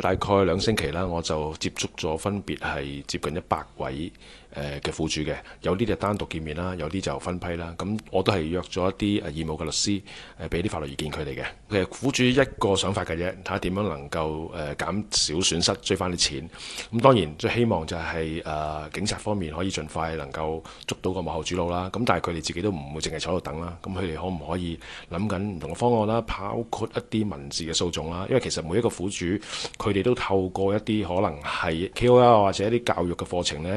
大概兩星期啦，我就接觸咗分別係接近一百位誒嘅苦主嘅，有啲就單獨見面啦，有啲就分批啦。咁我都係約咗一啲誒義務嘅律師，誒俾啲法律意見佢哋嘅。其實苦主一個想法嘅啫，睇下點樣能夠誒減少損失，追翻啲錢。咁當然最希望就係、是、誒、呃、警察方面可以盡快能夠捉到個幕後主腦啦。咁但係佢哋自己都唔會淨係坐喺度等啦。咁佢哋可唔可以諗緊唔同嘅方案啦？包括一啲文字嘅訴訟啦。因為其實每一個苦主，佢哋都透過一啲可能係 KOL 或者一啲教育嘅課程呢。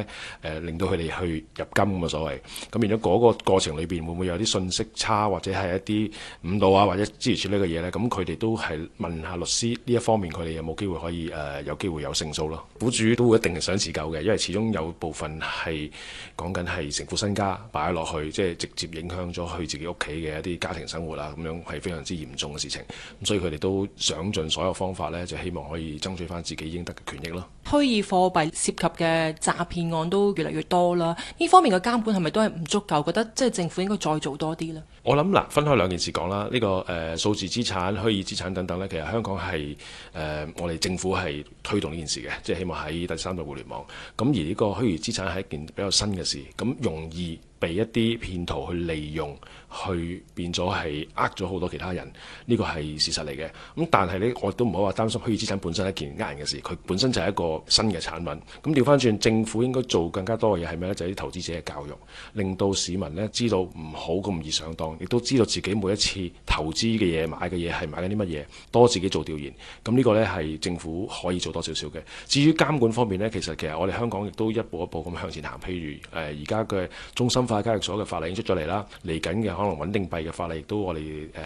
誒、呃。令到佢哋去入金咁嘛，所謂咁變咗嗰個過程裏邊會唔會有啲信息差，或者係一啲誤導啊，或者諸如此類嘅嘢咧？咁佢哋都係問下律師呢一方面，佢哋有冇機會可以誒、呃、有機會有勝訴咯？苦主都會一定係想自救嘅，因為始終有部分係講緊係成副身家擺落去，即係直接影響咗去自己屋企嘅一啲家庭生活啦，咁樣係非常之嚴重嘅事情，咁，所以佢哋都想盡所有方法咧，就希望可以爭取翻自己應得嘅權益咯。虛擬貨幣涉及嘅詐騙案都越嚟越多啦，呢方面嘅監管係咪都係唔足夠？覺得即係政府應該再做多啲呢？我諗嗱，分開兩件事講啦。呢、這個誒數、呃、字資產、虛擬資產等等呢，其實香港係誒、呃、我哋政府係推動呢件事嘅，即係希望喺第三代互聯網。咁而呢個虛擬資產係一件比較新嘅事，咁容易。被一啲騙徒去利用，去變咗係呃咗好多其他人，呢個係事實嚟嘅。咁但係呢，我都唔好話擔心虛擬資產本身一件呃人嘅事，佢本身就係一個新嘅產品。咁調返轉，政府應該做更加多嘅嘢係咩呢？就係啲投資者嘅教育，令到市民呢，知道唔好咁易上當，亦都知道自己每一次投資嘅嘢買嘅嘢係買緊啲乜嘢，多自己做調研。咁呢個呢係政府可以做多少少嘅。至於監管方面呢，其實其實我哋香港亦都一步一步咁向前行。譬如誒，而家嘅中心化交易所嘅法例已經出咗嚟啦，嚟緊嘅可能穩定幣嘅法例亦都我哋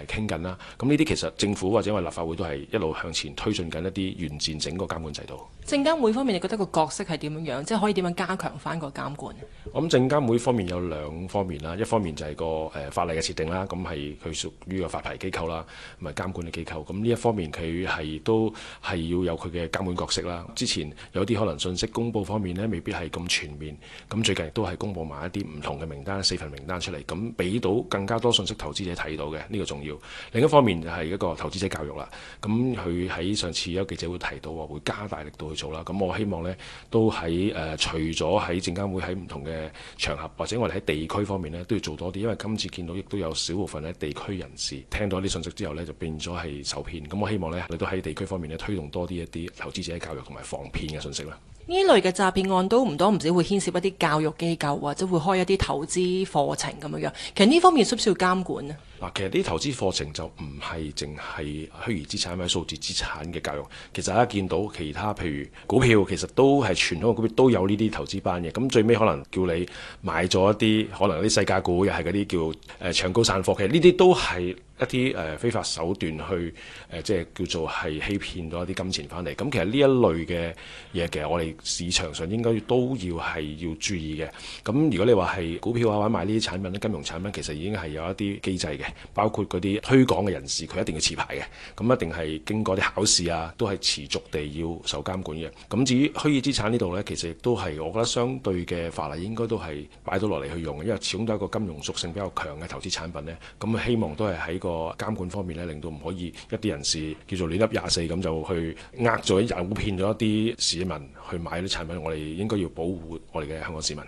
誒傾緊啦。咁呢啲其實政府或者話立法會都係一路向前推進緊一啲完善整個監管制度。證監會方面，你覺得個角色係點樣樣？即係可以點樣加強返個監管？咁證監會方面有兩方面啦，一方面就係個誒、呃、法例嘅設定啦，咁係佢屬於個發牌機構啦，咪、嗯、監管嘅機構。咁、嗯、呢一方面佢係都係要有佢嘅監管角色啦。之前有啲可能信息公佈方面咧，未必係咁全面。咁、嗯、最近亦都係公佈埋一啲唔同嘅名單，四份名單出嚟，咁、嗯、俾到更加多信息投資者睇到嘅，呢、這個重要。另一方面就係一個投資者教育啦。咁佢喺上次有記者會提到，會加大力度去做啦。咁、嗯、我希望咧都喺誒、呃、除咗喺證監會喺唔同嘅。場合或者我哋喺地區方面咧都要做多啲，因為今次見到亦都有少部分咧地區人士聽到呢啲訊息之後咧就變咗係受騙。咁我希望咧你都喺地區方面咧推動多啲一啲投資者教育同埋防騙嘅訊息啦。呢類嘅詐騙案都唔多唔少會牽涉一啲教育機構，或者會開一啲投資課程咁樣樣。其實呢方面需唔需要監管咧？嗱，其實啲投資課程就唔係淨係虛擬資產或者數字資產嘅教育。其實大家見到其他譬如股票，其實都係傳統嘅股票都有呢啲投資班嘅。咁最尾可能叫你買咗一啲可能啲細價股，又係嗰啲叫誒搶高散貨嘅。其實呢啲都係一啲誒非法手段去誒、呃，即係叫做係欺騙咗一啲金錢翻嚟。咁其實呢一類嘅嘢，其實我哋市場上應該都要係要注意嘅。咁如果你話係股票啊，或者買呢啲產品咧，金融產品其實已經係有一啲機制嘅，包括嗰啲推廣嘅人士，佢一定要持牌嘅，咁一定係經過啲考試啊，都係持續地要受監管嘅。咁至於虛擬資產呢度咧，其實亦都係我覺得相對嘅法例應該都係擺到落嚟去用，因為始終都係一個金融屬性比較強嘅投資產品咧。咁希望都係喺個監管方面呢，令到唔可以一啲人士叫做亂噏廿四咁就去呃咗，又騙咗一啲市民去買啲產品。我哋應該要保護我哋嘅香港市民。